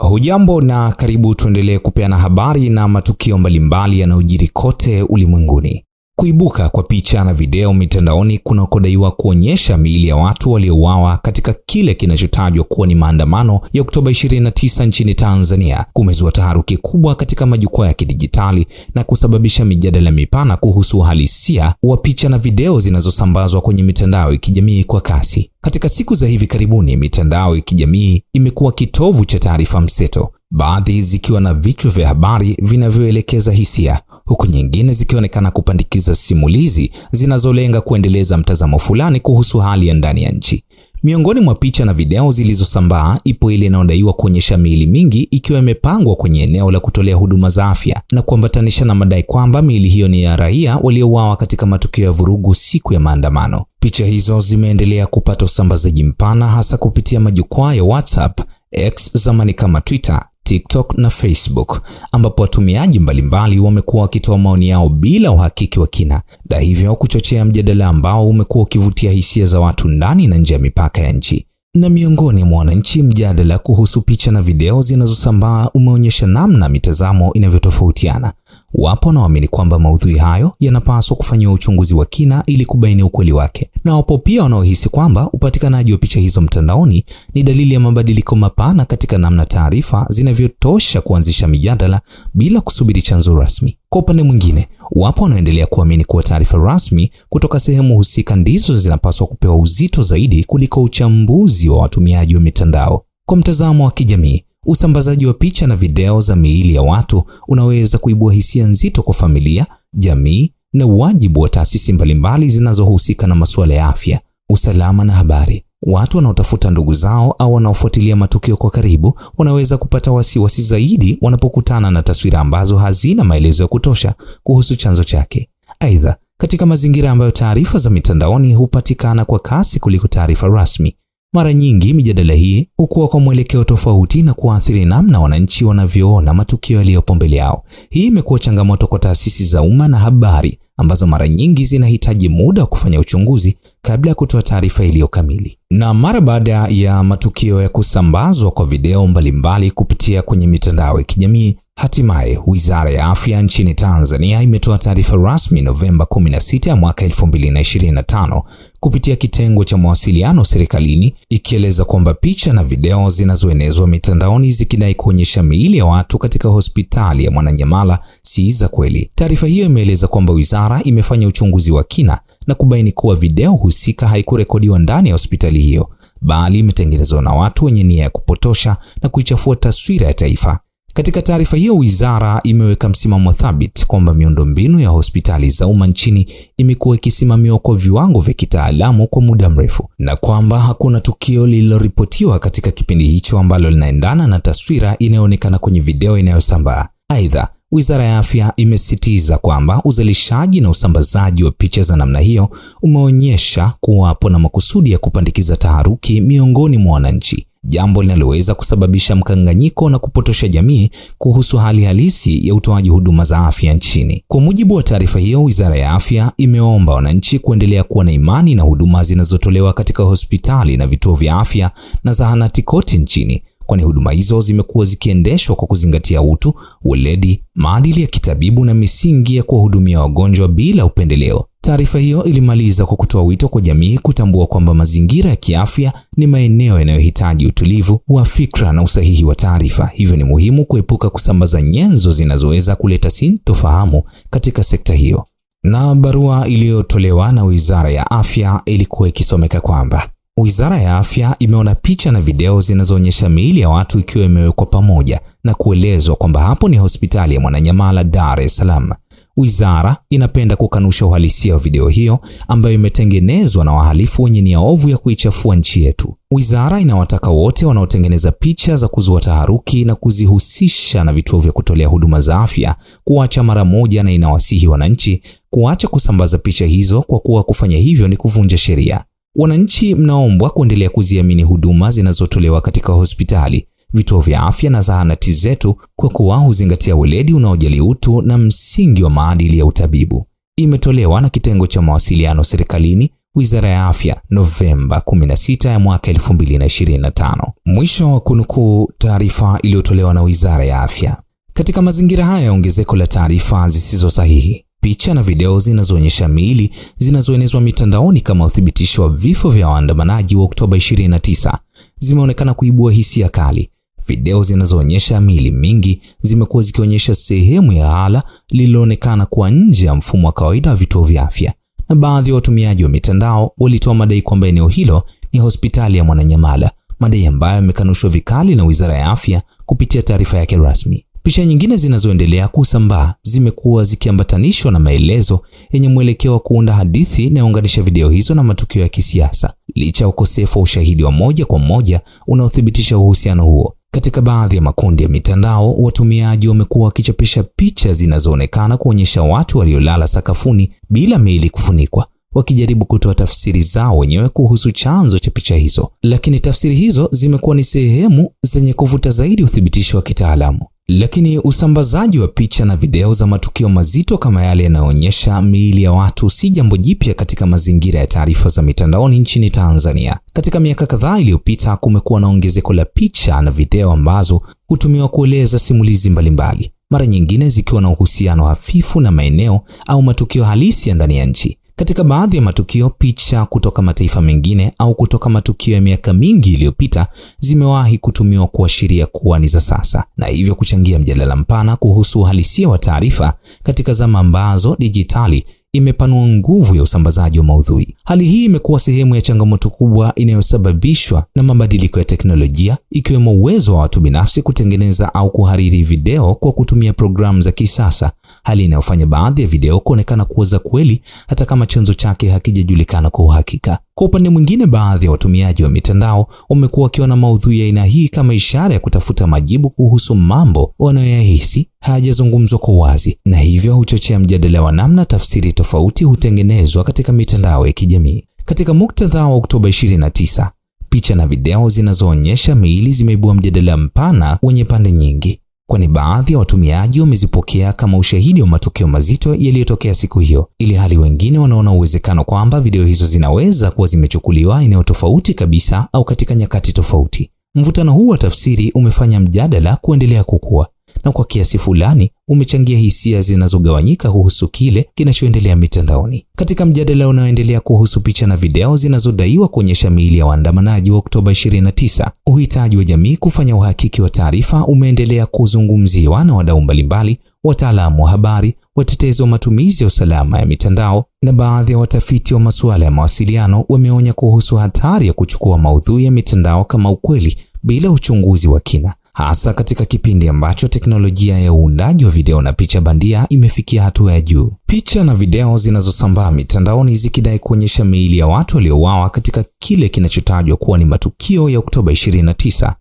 Hujambo na karibu tuendelee kupeana habari na matukio mbalimbali yanayojiri kote ulimwenguni. Kuibuka kwa picha na video mitandaoni kunakodaiwa kuonyesha miili ya watu waliouawa katika kile kinachotajwa kuwa ni maandamano ya Oktoba 29 nchini Tanzania kumezua taharuki kubwa katika majukwaa ya kidijitali na kusababisha mijadala mipana kuhusu uhalisia wa picha na video zinazosambazwa kwenye mitandao ya kijamii kwa kasi. Katika siku za hivi karibuni, mitandao ya kijamii imekuwa kitovu cha taarifa mseto, baadhi zikiwa na vichwa vya habari vinavyoelekeza hisia huku nyingine zikionekana kupandikiza simulizi zinazolenga kuendeleza mtazamo fulani kuhusu hali ya ndani ya nchi. Miongoni mwa picha na video zilizosambaa ipo ile inayodaiwa kuonyesha miili mingi ikiwa imepangwa kwenye eneo la kutolea huduma za afya na kuambatanisha na madai kwamba miili hiyo ni ya raia waliouawa katika matukio ya vurugu siku ya maandamano. Picha hizo zimeendelea kupata usambazaji mpana hasa kupitia majukwaa ya WhatsApp, X zamani kama Twitter TikTok na Facebook ambapo watumiaji mbalimbali wamekuwa wakitoa maoni yao bila uhakiki wa kina, na hivyo kuchochea mjadala ambao umekuwa ukivutia hisia za watu ndani na nje ya mipaka ya nchi. Na miongoni mwa wananchi, mjadala kuhusu picha na video zinazosambaa umeonyesha namna mitazamo inavyotofautiana. Wapo wanaoamini kwamba maudhui hayo yanapaswa kufanyiwa uchunguzi wa kina ili kubaini ukweli wake, na wapo pia wanaohisi kwamba upatikanaji wa picha hizo mtandaoni ni dalili ya mabadiliko mapana katika namna taarifa zinavyotosha kuanzisha mijadala bila kusubiri chanzo rasmi. Kwa upande mwingine, wapo wanaoendelea kuamini kuwa taarifa rasmi kutoka sehemu husika ndizo zinapaswa kupewa uzito zaidi kuliko uchambuzi wa watumiaji wa mitandao. Kwa mtazamo wa kijamii Usambazaji wa picha na video za miili ya watu unaweza kuibua hisia nzito kwa familia, jamii na wajibu wa taasisi mbalimbali zinazohusika na masuala ya afya, usalama na habari. Watu wanaotafuta ndugu zao au wanaofuatilia matukio kwa karibu wanaweza kupata wasiwasi zaidi wanapokutana na taswira ambazo hazina maelezo ya kutosha kuhusu chanzo chake. Aidha, katika mazingira ambayo taarifa za mitandaoni hupatikana kwa kasi kuliko taarifa rasmi, mara nyingi mijadala hii hukuwa kwa mwelekeo tofauti na kuathiri namna wananchi wanavyoona matukio yaliyopo mbele yao. Hii imekuwa changamoto kwa taasisi za umma na habari ambazo mara nyingi zinahitaji muda wa kufanya uchunguzi kabla ya kutoa taarifa iliyo kamili. Na mara baada ya matukio ya kusambazwa kwa video mbalimbali kupitia kwenye mitandao ya kijamii, hatimaye Wizara ya Afya nchini Tanzania imetoa taarifa rasmi Novemba 16 mwaka 2025 kupitia kitengo cha mawasiliano serikalini, ikieleza kwamba picha na video zinazoenezwa mitandaoni zikidai kuonyesha miili ya watu katika hospitali ya Mwananyamala si za kweli. Taarifa hiyo imeeleza kwamba wizara imefanya uchunguzi wa kina na kubaini kuwa video husika haikurekodiwa ndani ya hospitali hiyo, bali imetengenezwa na watu wenye nia ya kupotosha na kuichafua taswira ya taifa. Katika taarifa hiyo, wizara imeweka msimamo thabiti kwamba miundombinu ya hospitali za umma nchini imekuwa ikisimamiwa kwa viwango vya kitaalamu kwa muda mrefu na kwamba hakuna tukio lililoripotiwa katika kipindi hicho ambalo linaendana na taswira inayoonekana kwenye video inayosambaa. Aidha, Wizara ya Afya imesisitiza kwamba uzalishaji na usambazaji wa picha za namna hiyo umeonyesha kuwapo na makusudi ya kupandikiza taharuki miongoni mwa wananchi, jambo linaloweza kusababisha mkanganyiko na kupotosha jamii kuhusu hali halisi ya utoaji huduma za afya nchini. Kwa mujibu wa taarifa hiyo, Wizara ya Afya imeomba wananchi kuendelea kuwa na imani na huduma zinazotolewa katika hospitali na vituo vya afya na zahanati kote nchini kwani huduma hizo zimekuwa zikiendeshwa kwa kuzingatia utu, weledi, maadili ya kitabibu na misingi ya kuwahudumia wagonjwa bila upendeleo. Taarifa hiyo ilimaliza kwa kutoa wito kwa jamii kutambua kwamba mazingira ya kiafya ni maeneo yanayohitaji utulivu wa fikra na usahihi wa taarifa. Hivyo ni muhimu kuepuka kusambaza nyenzo zinazoweza kuleta sintofahamu katika sekta hiyo. Na barua iliyotolewa na Wizara ya Afya ilikuwa ikisomeka kwamba Wizara ya Afya imeona picha na video zinazoonyesha miili ya watu ikiwa imewekwa pamoja na kuelezwa kwamba hapo ni hospitali ya Mwananyamala, Dar es Salaam. Wizara inapenda kukanusha uhalisia wa video hiyo ambayo imetengenezwa na wahalifu wenye nia ovu ya kuichafua nchi yetu. Wizara inawataka wote wanaotengeneza picha za kuzua taharuki na kuzihusisha na vituo vya kutolea huduma za afya kuacha mara moja, na inawasihi wananchi kuacha kusambaza picha hizo kwa kuwa kufanya hivyo ni kuvunja sheria. Wananchi mnaombwa kuendelea kuziamini huduma zinazotolewa katika hospitali, vituo vya afya na zahanati zetu kwa kuwa huzingatia weledi unaojali utu na msingi wa maadili ya utabibu. Imetolewa na kitengo cha mawasiliano serikalini, Wizara ya Afya, Novemba 16 ya mwaka 2025. Mwisho wa kunukuu taarifa iliyotolewa na Wizara ya Afya. Katika mazingira haya ya ongezeko la taarifa zisizo sahihi picha na video zinazoonyesha miili zinazoenezwa mitandaoni kama uthibitisho wa vifo vya waandamanaji wa Oktoba 29 zimeonekana kuibua hisia kali. Video zinazoonyesha miili mingi zimekuwa zikionyesha sehemu ya ghala lililoonekana kuwa nje ya mfumo wa kawaida wa vituo vya afya, na baadhi ya watumiaji wa mitandao walitoa madai kwamba eneo hilo ni hospitali ya Mwananyamala, madai ambayo yamekanushwa vikali na Wizara ya Afya kupitia taarifa yake rasmi. Picha nyingine zinazoendelea kusambaa zimekuwa zikiambatanishwa na maelezo yenye mwelekeo wa kuunda hadithi inayounganisha video hizo na matukio ya kisiasa, licha ya ukosefu wa ushahidi wa moja kwa moja unaothibitisha uhusiano huo. Katika baadhi ya makundi ya mitandao, watumiaji wamekuwa wakichapisha picha zinazoonekana kuonyesha watu waliolala sakafuni bila miili kufunikwa, wakijaribu kutoa tafsiri zao wenyewe kuhusu chanzo cha picha hizo, lakini tafsiri hizo zimekuwa ni sehemu zenye kuvuta zaidi uthibitisho wa kitaalamu. Lakini usambazaji wa picha na video za matukio mazito kama yale yanayoonyesha miili ya watu si jambo jipya katika mazingira ya taarifa za mitandaoni nchini Tanzania. Katika miaka kadhaa iliyopita, kumekuwa na ongezeko la picha na video ambazo hutumiwa kueleza simulizi mbalimbali, mara nyingine zikiwa na uhusiano hafifu na maeneo au matukio halisi ya ndani ya nchi. Katika baadhi ya matukio, picha kutoka mataifa mengine au kutoka matukio ya miaka mingi iliyopita zimewahi kutumiwa kuashiria kuwa ni za sasa, na hivyo kuchangia mjadala mpana kuhusu uhalisia wa taarifa katika zama ambazo dijitali imepanua nguvu ya usambazaji wa maudhui. Hali hii imekuwa sehemu ya changamoto kubwa inayosababishwa na mabadiliko ya teknolojia, ikiwemo uwezo wa watu binafsi kutengeneza au kuhariri video kwa kutumia programu za kisasa, hali inayofanya baadhi ya video kuonekana kuwa za kweli hata kama chanzo chake hakijajulikana kwa uhakika. Kwa upande mwingine, baadhi ya watumiaji wa mitandao wamekuwa wakiona maudhui ya aina hii kama ishara ya kutafuta majibu kuhusu mambo wanayoyahisi hayajazungumzwa kwa wazi, na hivyo huchochea mjadala wa namna tafsiri tofauti hutengenezwa katika mitandao ya kijamii. Katika muktadha wa Oktoba 29, picha na video zinazoonyesha miili zimeibua mjadala mpana wenye pande nyingi kwani baadhi ya watumiaji wamezipokea kama ushahidi wa matukio mazito yaliyotokea siku hiyo, ili hali wengine wanaona uwezekano kwamba video hizo zinaweza kuwa zimechukuliwa eneo tofauti kabisa au katika nyakati tofauti. Mvutano huu wa tafsiri umefanya mjadala kuendelea kukua na kwa kiasi fulani umechangia hisia zinazogawanyika kuhusu kile kinachoendelea mitandaoni. Katika mjadala unaoendelea kuhusu picha na video zinazodaiwa kuonyesha miili ya waandamanaji wa Oktoba 29, uhitaji wa jamii kufanya uhakiki wa taarifa umeendelea kuzungumziwa na wadau mbalimbali, wataalamu wa habari, watetezi wa matumizi ya usalama ya mitandao na baadhi ya watafiti wa masuala ya mawasiliano wameonya kuhusu hatari ya kuchukua maudhui ya mitandao kama ukweli bila uchunguzi wa kina hasa katika kipindi ambacho teknolojia ya uundaji wa video na picha bandia imefikia hatua ya juu. Picha na video zinazosambaa mitandaoni zikidai kuonyesha miili ya watu waliouawa katika kile kinachotajwa kuwa ni matukio ya Oktoba 29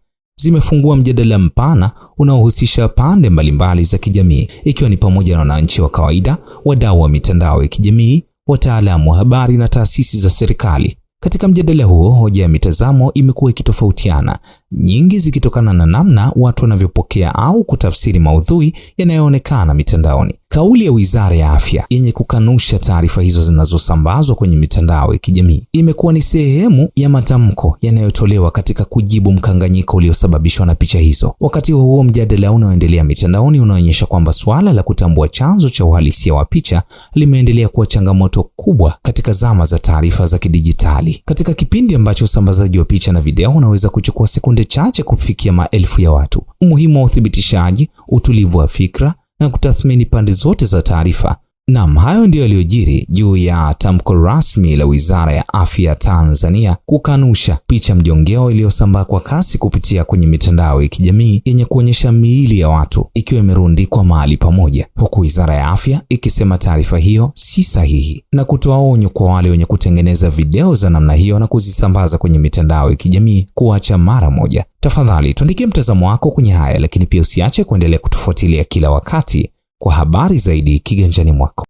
zimefungua mjadala mpana unaohusisha pande mbalimbali za kijamii, ikiwa ni pamoja na wananchi wa kawaida, wadau wa mitandao ya kijamii, wataalamu wa habari na taasisi za serikali katika mjadala huo, hoja ya mitazamo imekuwa ikitofautiana, nyingi zikitokana na namna watu wanavyopokea au kutafsiri maudhui yanayoonekana mitandaoni. Kauli ya Wizara ya Afya yenye kukanusha taarifa hizo zinazosambazwa kwenye mitandao ya kijamii imekuwa ni sehemu ya matamko yanayotolewa katika kujibu mkanganyiko uliosababishwa na picha hizo. Wakati huo huo, mjadala unaoendelea mitandaoni unaonyesha kwamba suala la kutambua chanzo cha uhalisia wa picha limeendelea kuwa changamoto kubwa katika zama za taarifa za kidijitali. Katika kipindi ambacho usambazaji wa picha na video unaweza kuchukua sekunde chache kufikia maelfu ya watu, umuhimu wa uthibitishaji, utulivu wa fikra na kutathmini pande zote za taarifa Nam, hayo ndiyo yaliyojiri juu ya tamko rasmi la Wizara ya Afya Tanzania kukanusha picha mjongeo iliyosambaa kwa kasi kupitia kwenye mitandao ya kijamii yenye kuonyesha miili ya watu ikiwa imerundikwa mahali pamoja, huku Wizara ya Afya ikisema taarifa hiyo si sahihi na kutoa onyo kwa wale wenye kutengeneza video za namna hiyo na kuzisambaza kwenye mitandao ya kijamii kuacha mara moja. Tafadhali tuandikie mtazamo wako kwenye haya, lakini pia usiache kuendelea kutufuatilia kila wakati kwa habari zaidi, kiganjani mwako.